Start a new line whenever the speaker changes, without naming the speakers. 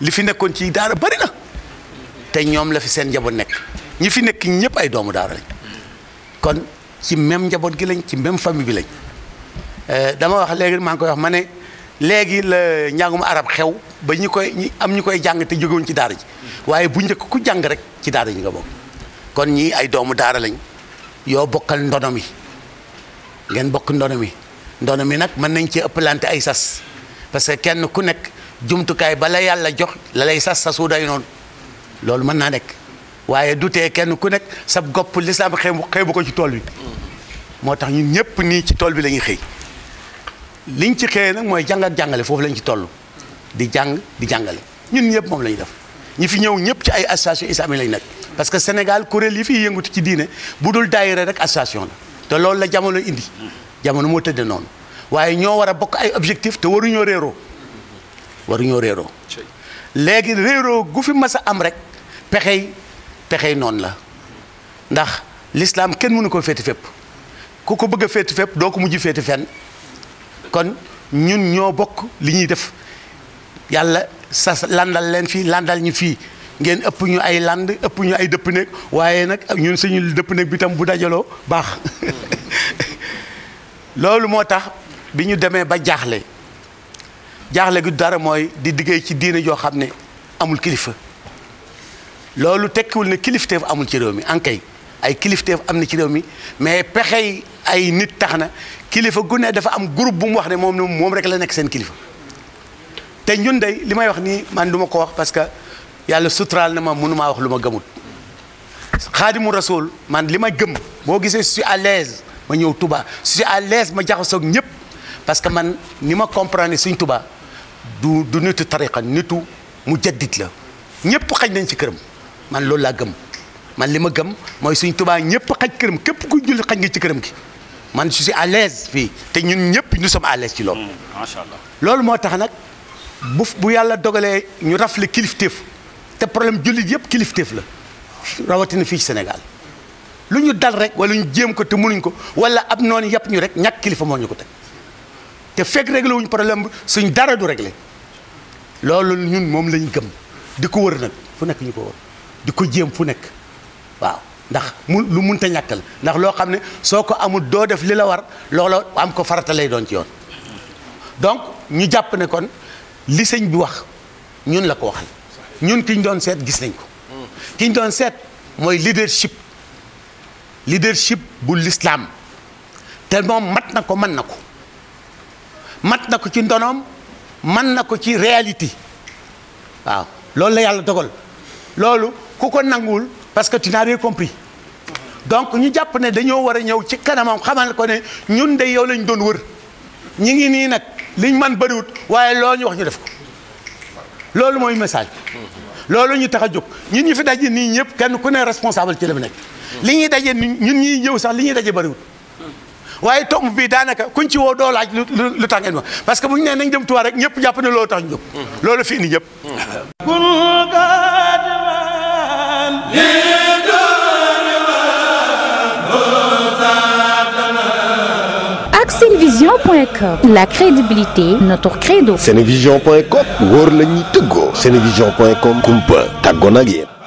li fi nekkoon ci daara bari na te ñoom la fi seen njaboot nekk ñi fi nekk ñëpp ay doomu daara lañ kon ci même njaboot gi lañ ci même famille bi lañ euh, dama wax léegi maa ngi koy wax ma ne léegi la njàngum arab xew ba ñi koy ñi am ñu koy jàng te jógewuñ ci daara ji waaye bu njëkk ku jàng rek ci daara ji nga bokk kon ñii ay doomu daara lañ yoo bokkal ndono mi ngeen bokk ndono mi ndono mi nag mën nañ ci ëppalante ay sas parce que kenn ku nekk jumtukaay ba la yàlla jox lalay sas sa day noonu loolu mën naa nekk waaye du tee kenn ku nekk sa gopp lislaam xeebu xeebu ko ci tool bi moo tax ñun ñëpp nii ci tool bi lañuy ñuy xëy liñ ci xëyee nag mooy jàng ak jàngale foofu lañ ci toll di jàng di jàngale ñun ñëpp moom lañu def ñi fi ñëw ñëpp ci ay association islamique lañ nag parce que Sénégal kuréel yi fiy yëngutu ci diine bu dul daayira rek association la te loolu la jamono indi jamono moo tëdde noonu waaye ñoo war a bokk ay objectif te waruñoo réeroo waruñoo réeroo léegi réeroo gu fi mas a am rek pexey pexey noonu la ndax lislaam kenn mënu ko féeti fépp ku ko bëgg a féeti fépp doo ko mujj féete fenn kon ñun ñoo bokk li ñuy def yàlla sa landal leen fii landal ñu fii ngeen ëpp ñu ay land ëpp ñu ay dëpp néeg waaye nag ñun suñu dëpp néeg bi tam bu dajaloo baax loolu moo tax bi ñu demee ba jaaxle jaxlé gu dara moy di diggé ci diine jo xamné amul kilifa loolu tekkiwul ne kilifteef amul ci réew mi kay ay kilifteef amna ci réew mi mais pexé ay nit taxna kilifa gu ne dafa am groupe bu mu wax ne mom mom rek la nek sen kilifa te ñun day limay wax ni man duma ko wax parce que yàlla suturaal na ma mënumaa wax luma gëmut xaadimu rasul man limay gëm bo gisé suis à l'aise ma ñëw Touba suis à l'aise ma jaxoso ñep parce que man nima comprendre Sëñ Touba du du nitu tariqa nitu mu jaddit la ñëpp xaj nañ ci këram man loolu laa gëm man li ma gëm mooy suñ tubaa ñëpp xaj këram képp ku julli xaj nga ci këram gi man je si à l'aise fii te ñun ñëpp nous sommes à l'aise ci loolu hmm, macha allah loolu moo tax nag bu bu yàlla dogalee ñu rafle kilifteef te problème jullit yëpp teef la rawatina fii ci Sénégal lu ñu dal rek wala ñu jéem ko te mënuñ ko wala ab noonu yàpp ñu rek ñàkk kilifa moo ñu ko teg te fekk réglé wuñ problème bi suñ dara du réglé loolu ñun moom lañu gëm di ko wër nag fu nekk ñu ko wër di ko jéem fu nekk waaw ndax mu lu munta ñàkkal ndax loo xam ne soo ko amul doo def li la war loola am ko farata doon ci yoon donc ñu jàpp ne kon li sëñ bi wax ñun la ko waxal ñun ki ñu doon seet gis nañ ko ki ñu doon seet mooy leadership leadership bu lislaam te moom mat na ko mën na ko mat na ko ci ndonoom man na ko ci réalité waaw loolu la yàlla dogal loolu ku ko nanguwul parce que tu n'as rien compris donc ñu jàpp ne dañoo war a ñëw ci kanamam xamal ko ne ñun de yow lañ doon wër ñi ngi nii nag liñ man bariwut waaye loolu ñu wax ñu def ko loolu mooy message loolu ñu tax a jóg ñun ñu fi daje nii ñëpp kenn ku ne responsable ci la mu nekk. li ñuy daje ñun ñuy ñëw sax li ñuy daje bëriwut waye toog bi danaka kuñ ci wo do laaj lu tax ngeen wax parce que buñ ñu nañ dem Tuubaa rek ñepp japp ne lo tax ñu jóg loolu fi ni ñepp Senevision.com la crédibilité notre credo Senevision.com wóor la ñuy tëggoo Senevision.com kumpa tàggoo ak yéen